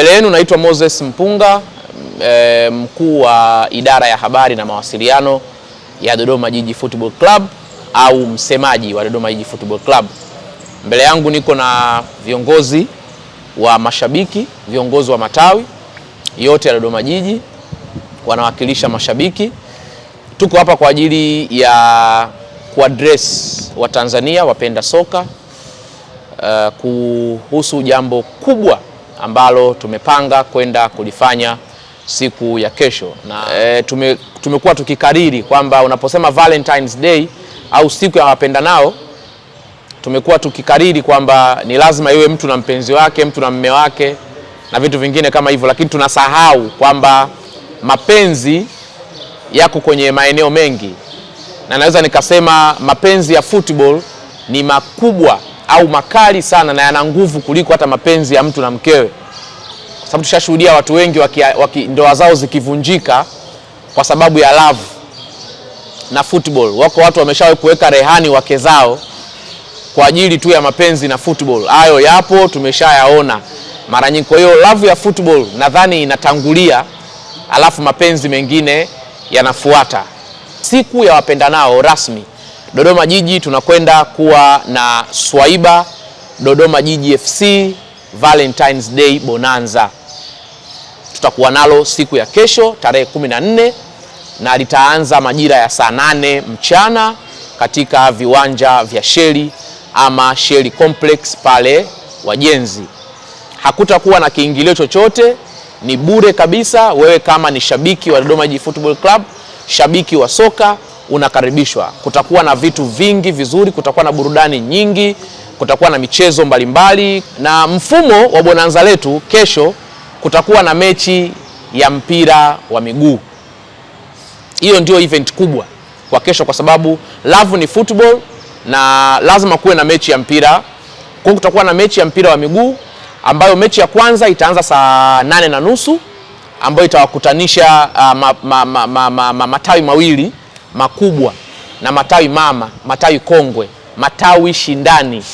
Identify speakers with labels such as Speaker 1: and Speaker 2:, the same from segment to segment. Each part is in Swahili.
Speaker 1: Mbele yenu naitwa Moses Mpunga e, mkuu wa idara ya habari na mawasiliano ya Dodoma Jiji Football Club au msemaji wa Dodoma Jiji Football Club. Mbele yangu niko na viongozi wa mashabiki, viongozi wa matawi yote ya Dodoma Jiji wanawakilisha mashabiki. Tuko hapa kwa ajili ya kuadress Watanzania wapenda soka uh, kuhusu jambo kubwa ambalo tumepanga kwenda kulifanya siku ya kesho na e, tume, tumekuwa tukikariri kwamba unaposema Valentine's Day au siku ya nao tumekuwa tukikariri kwamba ni lazima iwe mtu na mpenzi wake, mtu na mme wake na vitu vingine kama hivyo, lakini tunasahau kwamba mapenzi yako kwenye maeneo mengi, na naweza nikasema mapenzi ya football ni makubwa au makali sana na yana nguvu kuliko hata mapenzi ya mtu na mkewe, kwa sababu tushashuhudia watu wengi waki, waki, ndoa zao zikivunjika kwa sababu ya love na football. Wako watu wameshawahi kuweka rehani wake zao kwa ajili tu ya mapenzi na football. Hayo yapo, tumeshayaona mara nyingi. Kwa hiyo love ya football nadhani inatangulia, alafu mapenzi mengine yanafuata. Siku ya wapendanao rasmi Dodoma Jiji tunakwenda kuwa na Swaiba Dodoma Jiji FC Valentine's Day Bonanza. Tutakuwa nalo siku ya kesho tarehe 14 na litaanza majira ya saa nane mchana katika viwanja vya Sheli ama Sheli Complex pale Wajenzi. Hakutakuwa na kiingilio chochote, ni bure kabisa. Wewe kama ni shabiki wa Dodoma Jiji Football Club, shabiki wa soka unakaribishwa. Kutakuwa na vitu vingi vizuri, kutakuwa na burudani nyingi, kutakuwa na michezo mbalimbali mbali. Na mfumo wa bonanza letu kesho kutakuwa na mechi ya mpira wa miguu. Hiyo ndio event kubwa kwa kesho, kwa sababu love ni football na lazima kuwe na mechi ya mpira. Kwa kutakuwa na mechi ya mpira wa miguu ambayo mechi ya kwanza itaanza saa nane na nusu ambayo itawakutanisha uh, ma, ma, ma, ma, ma, ma, matawi mawili makubwa na matawi mama, matawi kongwe, matawi shindani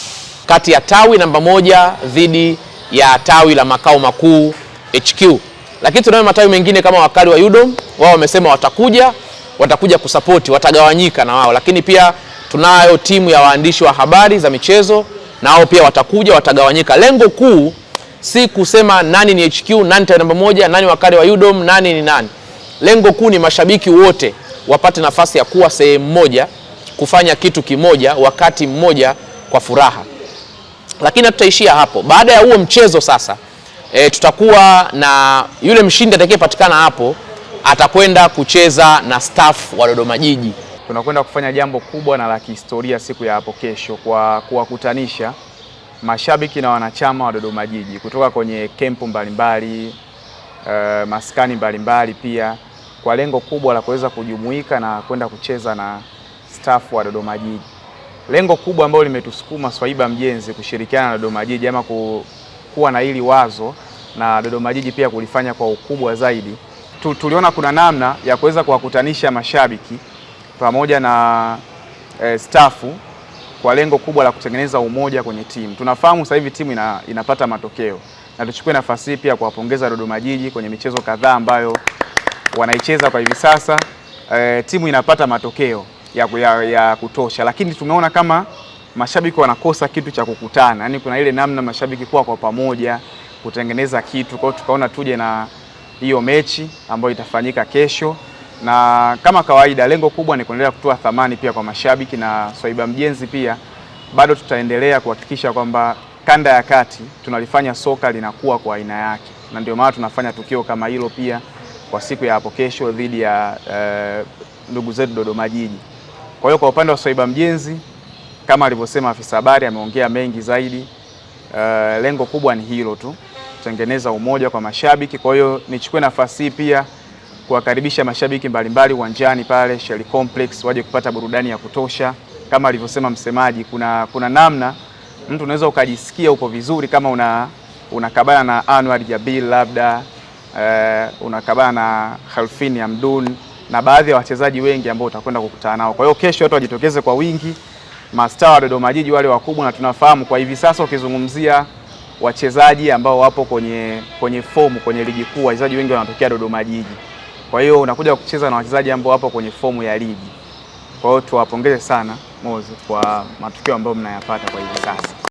Speaker 1: kati ya tawi namba moja dhidi ya tawi la makao makuu HQ. Lakini tunayo matawi mengine kama wakali wa Yudom, wao wamesema watakuja, watakuja kusapoti, watagawanyika na wao. Lakini pia tunayo timu ya waandishi wa habari za michezo, na wao pia watakuja, watagawanyika. Lengo kuu si kusema nani ni HQ, nani tawi namba moja, nani wakali wa Yudom, nani ni nani. Lengo kuu ni mashabiki wote wapate nafasi ya kuwa sehemu moja kufanya kitu kimoja wakati mmoja kwa furaha. Lakini hatutaishia hapo. Baada ya huo mchezo sasa e, tutakuwa na yule mshindi atakayepatikana hapo atakwenda kucheza na staff wa Dodoma Jiji.
Speaker 2: Tunakwenda kufanya jambo kubwa na la kihistoria siku ya hapo kesho kwa kuwakutanisha mashabiki na wanachama wa Dodoma Jiji kutoka kwenye kempu mbalimbali, e, maskani mbalimbali pia kwa lengo kubwa la kuweza kujumuika na kwenda kucheza na staff wa Dodoma Jiji. Lengo kubwa ambalo limetusukuma Swaiba Mjenzi kushirikiana na Dodoma Jiji ama kuwa na hili wazo na Dodoma Jiji pia kulifanya kwa ukubwa zaidi, tuliona kuna namna ya kuweza kuwakutanisha mashabiki pamoja na e, eh, stafu kwa lengo kubwa la kutengeneza umoja kwenye timu. Tunafahamu sasa hivi timu ina, inapata matokeo na tuchukue nafasi hii pia kuwapongeza Dodoma Jiji kwenye michezo kadhaa ambayo wanaicheza kwa hivi sasa e, timu inapata matokeo ya, ya, ya kutosha, lakini tumeona kama mashabiki wanakosa kitu cha kukutana, yaani kuna ile namna mashabiki kuwa kwa pamoja kutengeneza kitu. Kwa hiyo tukaona tuje na hiyo mechi ambayo itafanyika kesho, na kama kawaida, lengo kubwa ni kuendelea kutoa thamani pia kwa mashabiki na Swaiba Mjenzi pia bado tutaendelea kuhakikisha kwamba kanda ya kati tunalifanya soka linakuwa kwa aina yake, na ndio maana tunafanya tukio kama hilo pia kwa siku ya hapo kesho dhidi ya eh, ndugu zetu Dodoma Jiji. Kwa hiyo kwa upande wa Swaiba Mjenzi, kama alivyosema afisa habari, ameongea mengi zaidi. Uh, lengo kubwa ni hilo tu, kutengeneza umoja kwa mashabiki. Kwa hiyo nichukue nafasi hii pia kuwakaribisha mashabiki mbalimbali uwanjani pale Shell Complex waje kupata burudani ya kutosha. Kama alivyosema msemaji, kuna, kuna namna mtu unaweza ukajisikia uko vizuri kama una unakabana na Anwar Jabil labda eh, unakabana na Khalfin Hamdun na baadhi ya wachezaji wengi ambao utakwenda kukutana nao. Kwa hiyo kesho watu wajitokeze kwa wingi, mastaa wa Dodoma Jiji wale wakubwa, na tunafahamu kwa hivi sasa ukizungumzia wachezaji ambao wapo kwenye kwenye fomu kwenye ligi kuu, wachezaji wengi wanatokea Dodoma Jiji. Kwa hiyo unakuja kucheza na wachezaji ambao wapo kwenye fomu ya ligi. Kwa hiyo tuwapongeze sana Mozi kwa matukio ambayo mnayapata kwa hivi sasa.